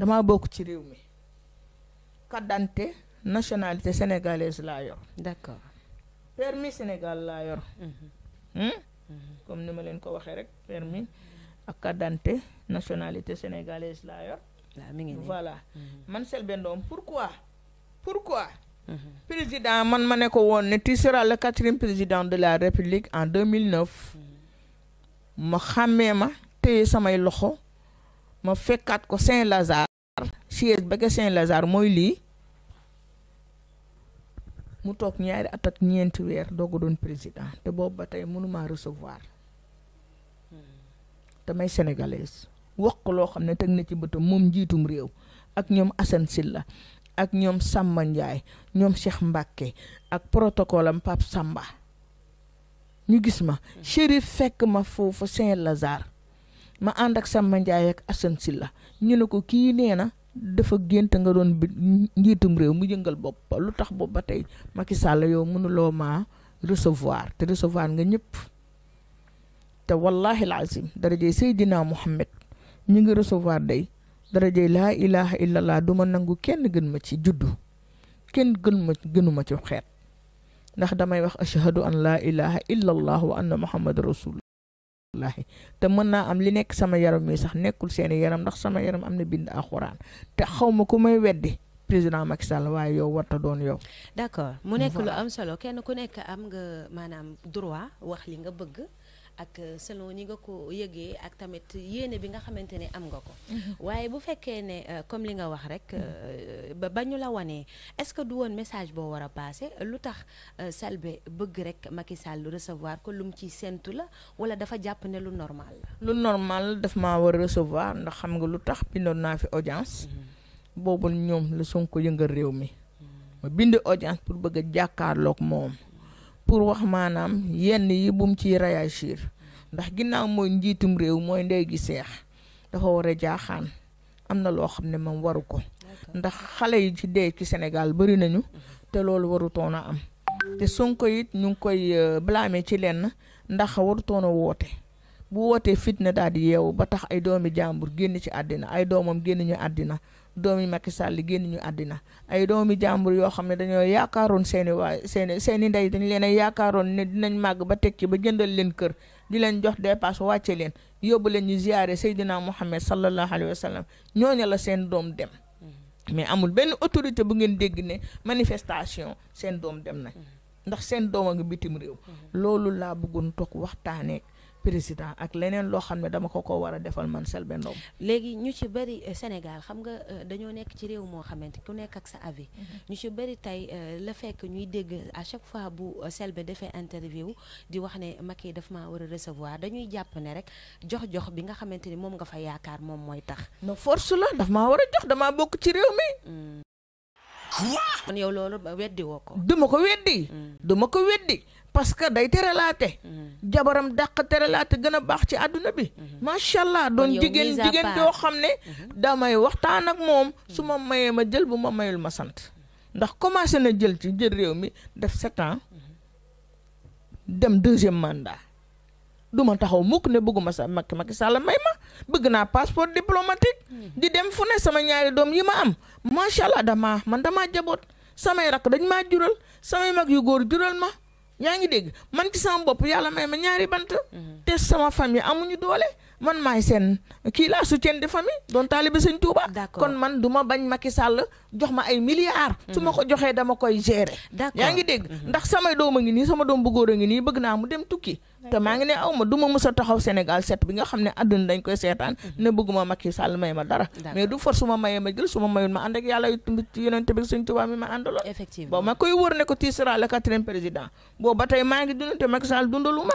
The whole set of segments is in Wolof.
dama bokk ci réew mi carte d'identité nationalité sénégalaise laa yor. d'accord permis Sénégal laa yor. Mhm. Hmm? Mhm. comme ni ma leen ko waxee rek permis ak carte d'identité nationalité sénégalaise laa yor. mi ngi voilà mhm. man Selbé Ndom pourquoi pourquoi. président man ma ne ko woon ne tu seras le quatrième président de la république en 2009 ma xàmmee ma téye samay loxo ma fekkaat ko Saint-Lazare. siège ba ca Saint Lazare mooy lii mu toog ñaari at ak ñeenti weer doog a doon président te boobu ba tey mënumaa recevoir hmm. damay sénégalaise wax loo xam ne teg na ci bëtam moom njiitum réew ak ñoom Assane Sylla ak ñoom Samba Ndiaye ñoom Cheikh Mbacke ak protocole am Pape Samba ñu gis ma hmm. Chérif fekk ma foofu Saint Lazare ma ànd ak Samba Ndiaye ak Assane Sylla ñu ne ko kii nee na dafa gént nga doon bi njiitum réew mu jëngal boppa lu tax bopp ba tey Macky Sall yow mënuloo maa recevoir te recevoir nga ñëpp te wallahi alazim darajey seydinaa Mouhamed ñu ngi recevoir day darajey laa ilaha illallah du ma nangu kenn gën ma ci juddu kenn gën ma gënu ci xeet ndax damay wax ashhadu an laa ilaha illallah an anna muhammad rasul wallaahi te mën naa am li nekk sama yaram mi sax nekkul seeni yaram ndax sama yaram am na bind alxuraan te xaw ma ku may weddi président Macky Sall waaye yow warta doon yow. d'accord mu nekk lu am solo kenn ku nekk am nga maanaam droit wax li nga bëgg. ak euh, selon ñi nga ko yëgee ak tamit yéene bi nga xamante ni am nga ko. Mhm. waaye bu fekkee ne euh, comme li nga wax rek mhm. euh, ba ba ñu la wanee est-ce que du woon message boo war a passé lu tax Selbé bëgg rek Macky lu recevoir ko lum mu ciy séntu la wala dafa jàpp ne lu normal la. lu normal daf maa war a recevoir ndax xam nga lu tax bindoon naa fi audience. Mhm. boobu ñoom la Sonko yëngal réew mi. ma bind audience pour bëgg a moom. pour wax maanaam yenn yi bu mu ciy réagir ndax ginnaaw mooy njiitum réew mooy ndey gi seex dafa war a jaaxaan am na loo xam ne moom waru ko ndax xale yi ci dee ci Sénégal bari nañu te loolu warutoon a am te Sonko it ñu ngi koy euh, blâmer ci lenn ndax warutoon a woote bu wootee fitna daal di yeewu ba tax ay doomi jàmbur génn ci àddina ay doomam génn ñu àddina doomi Macky Sall li génn ñu àddina ay doomi jàmbur yoo xam ne dañoo yaakaaroon seeni waay seeni seeni ndey dañu leen a yaakaaroon ne dinañ màgg ba tekki ba jëndal leen kër di leen jox dépasse wàcce leen yóbbu leen ñu ziyaare Seydina Muhammad sallallahu alayhi wa sallam ñooña la seen doom dem mm-hmm. mais amul benn autorité bu ngeen dégg ne manifestation seen doom dem na mm-hmm. ndax seen doom a ngi bitim réew mm-hmm. loolu laa bëggoon toog waxtaanee président ak leneen loo xam ne dama ko ko war a defal man Selbé Ndom léegi ñu ci bëri euh, Sénégal xam nga euh, dañoo nekk ci réew moo xamante ku nekk ak sa avis mhm. ñu ci bëri tey euh, la fekk ñuy dégg à chaque fois bu Selbé defee interview di wax ne yi daf ma war a recevoir dañuy jàpp ne rek jox-jox bi nga xamante ni moom nga fa yaakaar moom mooy tax. non force la daf maa war jox damaa bokk ci réew mi. Hmm. quoi. yow loolu ba weddi ko. du ko weddi. Mm. du ko weddi parce que day terelaate. Mm. jabaram dàq terelaate gën a baax ci àdduna bi. Mm-hmm. macha allah doon jigéen jigéen doo xam ne. Mm-hmm. damay waxtaan ak moom mm. su ma mayee ma jël bu ma mayul ma sant. Mm-hmm. ndax commencé na jël ci jël réew mi def sept ans dem deuxième mandat du ma taxaw mukk ne bëgguma sa Macky Macky Sall may ma bëgg naa passeport diplomatique di dem fu ne sama ñaari doom yi ma am macha allah damaa man damaa jaboot samay rakk dañ maa jural samay mag yu góor jural ma yaa ngi dégg man ci sama bopp yàlla may ma ñaari bant. Mhm. te sama famille amuñu doole. man maay seen kii laa soutien de famille doon taalibe sëñ Touba. kon man du ma bañ Macky Sall jox ma ay milliards. su ma mhm. ko joxee dama koy gérer. yaa ngi dégg mhm. ndax samay doom a ngi nii sama doom bu góor ngi nii bëgg naa mu dem tukki. te maa ngi ne aw ma du ma mës a taxaw Sénégal set bi nga xam ne àdduna dañ koy seetaan mhm. ne bëgg bëgguma Macky Sall may ma dara mais du force su ma mayee ma jël su ma ma ànd yàlla yonente bi suñ tubaab mi ma àndaloon effectivement bon ma koy wër boobu maa ngi dund te Macky Sall dundalu ma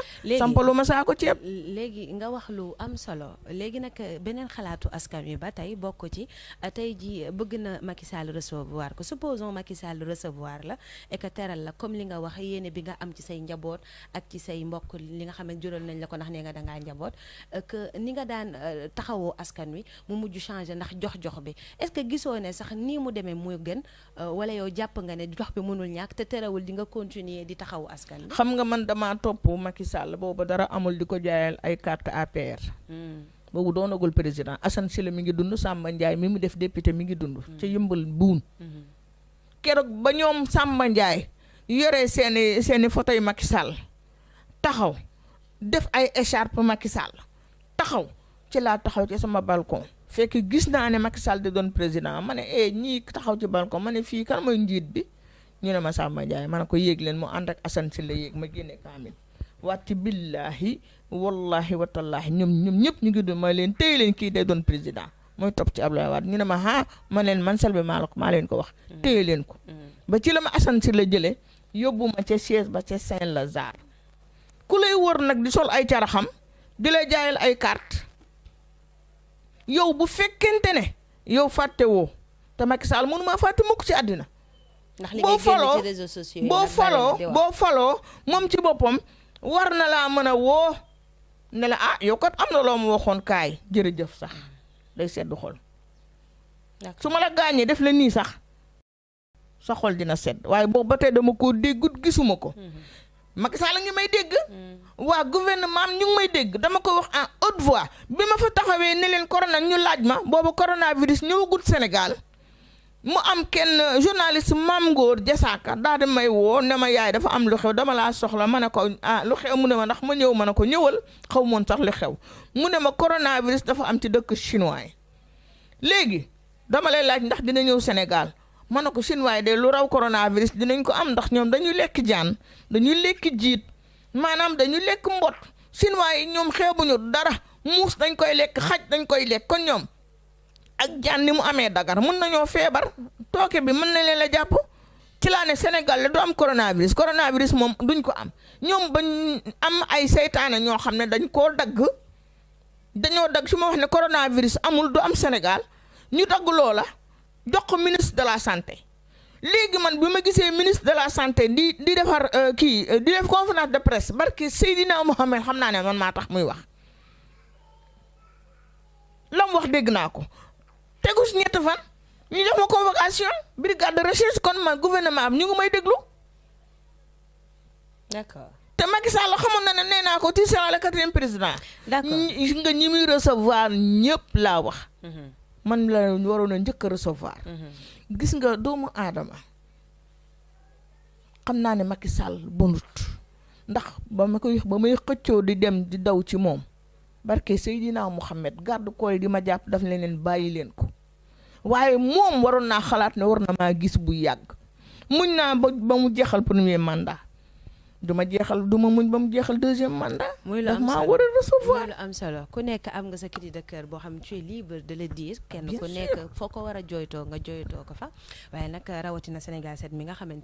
nga wax solo léegi nag euh, beneen xalaatu askan wi ba tey bokk ci euh, tey ji euh, bëgg na Macky Sall recevoir ko supposons Macky Sall recevoir la et teral la comme li nga wax yéene bi nga am ci say njaboot ak ci say mbokk li nga xam ne jural nañ la ko ndax nee nga dangaa njaboot que ni nga daan taxawoo askan wi mu mujj changé ndax jox-jox bi est gisoo ne sax nii mu demee mu gën wala yow jàpp nga ne jox bi mënul ñàkk te terewul di nga continuer di taxawu askan wi. xam nga man damaa topp Macky Sall boobu dara amul di ko jaayal ay carte APR. boobu doonagul président Assane Sylla mi ngi dund Samba Ndiaye mi mu def député mi ngi dund ci yëmbal buun keroog ba ñoom Samba Ndiaye yore seeni seeni photo yu Macky Sall taxaw def ay écharpe Macky Sall taxaw ci laa taxaw ci sama balcon fekk gis naa ne Macky Sall di doon président ma ne eh ñii taxaw ci balcon ma ne fii kan njiit bi ñu ne ma Samba Ndiaye ma ne ko yéeg leen mu ànd ak Assane Sylla yéeg ma génne kaamil wàcc billaahi wallaahi watallaahi ñoom ñoom ñëpp ñu ngi doon ma leen téye leen kii day doon président mooy topp ci Abdoulaye Wade ñu ne ma ah ma leen man Selbé maa la ko maa leen ko wax. Mm. téye leen ko. Mm. ba ci la ma Assane si la jëlee yóbbu ma ca siège ba ca la lazare ku lay wër nag di sol ay caraxam di lay jaayal ay carte yow bu fekkente ne yow fàtte woo te Macky Sall mënu maa fàtte mukk ci àddina. ndax li boo faloo boo faloo moom ci boppam. war na laa mën a woo ne la ah yow kat am na loo ma waxoon kaay jërëjëf sax day sedd xol su ma la gaañee def la nii sax sa xol dina sedd waaye boobu ba tey dama koo déggut gisuma ko mhm. Macky Sall ngi may dégg mhm. waa gouvernement am ñu ngi may dégg dama ko wax en haute voix bi ma fa taxawee ne leen corona ñu laaj ma boobu coronavirus ñëwagul senegal mu am kenn journaliste Mame Ngor Diasaka daal di may woo ne ma yaay dafa am lu xew dama laa soxla ma ne ko ah lu xew mu ne ma ndax ma ñëw ma ne ko ñëwal xaw moon sax lu xew mu ne ma coronavirus dafa am ci dëkk chinois yi léegi dama lay laaj ndax dina ñëw Sénégal ma ne ko chinois yi de lu raw coronavirus dinañ ko am ndax ñoom dañuy lekk jaan dañuy lekk jiit maanaam dañuy lekk mbott chinois yi ñoom xeebuñu dara muus dañ koy lekk xaj dañ koy lekk kon ñoom ak jaan ni mu amee Dakar mun nañoo feebar tooke bi mën na leen la jàpp ci laa ne Sénégal la du am coronavirus coronavirus moom duñ ko am ñoom bañ am ay seytaane ñoo xam ne dañ koo dagg dañoo dagg su ma wax ne coronavirus amul du am Sénégal ñu dagg loola jox ko ministre de la santé léegi man bi ma gisee ministre de la santé di di defar euh, kii euh, di def conférence de presse barki Seydina Mohamed xam naa ne man maa tax muy wax lam wax dégg naa ko. tegus ñett fan ñu jox ma convocation brigade de recherche kon ma gouvernement am ñu ngi may déglu. d'accord te Macky Sall xamoon na ne nee naa ko tu seras le quatrième président. d'accord nga ñi muy recevoir ñëpp laa wax. Mhm. man la waroon a njëkk a recevoir. Mhm. gis nga doomu aadama xam naa ne Macky Sall bonut ndax ba ma koy ba may xëccoo di dem di daw ci moom barke Seydina Mohamed garde corps yi di ma jàpp daf leneen bàyyi leen ko. waaye moom waroon naa xalaat ne war na maa gis bu yàgg muñ naa ba ba mu jeexal premier mandat du ma jeexal du ma muñ ba mu jeexal deuxième mandat. muy lu am solo daf maa a recevoir. solo ku nekk am nga sa cri de boo xam tu es libre de le dire. kenn ku nekk foo ko war a jooytoo nga jooytoo ko fa waaye nag rawatina Sénégal 7 mi nga xamante.